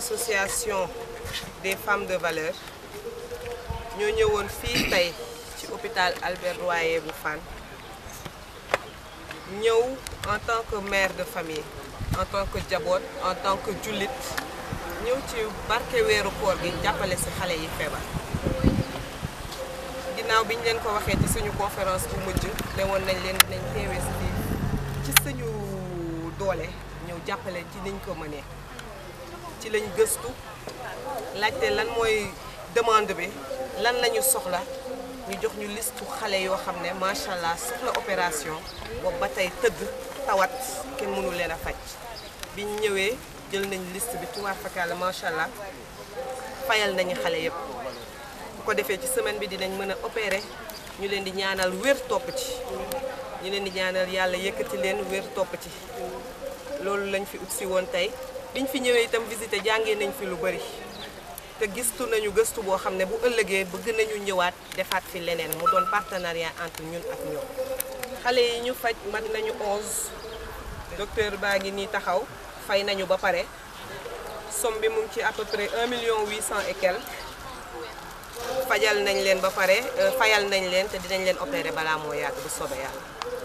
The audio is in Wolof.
association des femmes de valeur ñoo ñëwoon fii tey ci hôpital Albert Royer bu Fann ñëw en tant que mère de famille en tant que jaboot en tant que jullit ñëw ci barke weeru koor gi jàppale si xale yi feebar ginnaaw bi ñu leen ko waxee ci suñu conférence bu mujj ne woon nañ leen dinañ teewee si ci suñu doole ñëw jàppale ci niñ ko mënee ci lañ gëstu laajte lan mooy demande bi lan la ñu soxla ñu jox ñu listu xale yoo xam ne macha allah soxla opération boobu ba tey tëdd tawat kenn mënu leen a faj bi ñu ñëwee jël nañ liste bi tuwaat fakkaale macha allah fayal nañu xale yëpp bu ko defee ci semaine bi dinañ mën a opérer ñu leen di ñaanal wér topp ci ñu leen di ñaanal yàlla yëkkati leen wér topp ci loolu lañ fi ut woon tey biñ fi ñëwee itam visité jàngee nañ fi lu bëri te gistu nañu gëstu boo xam ne bu ëllëgee bëgg nañu ñëwaat defaat fi leneen mu doon partenariat entre ñun ak ñoom xale yi ñu faj mat nañu 11 docteur baa ngi nii taxaw fay nañu ba pare somme bi mu ngi ci à peu million 800 et quelques fajal nañ leen ba pare euh, fayal nañ leen te dinañ leen opérer balaa moo yàgg bu soobee yàlla.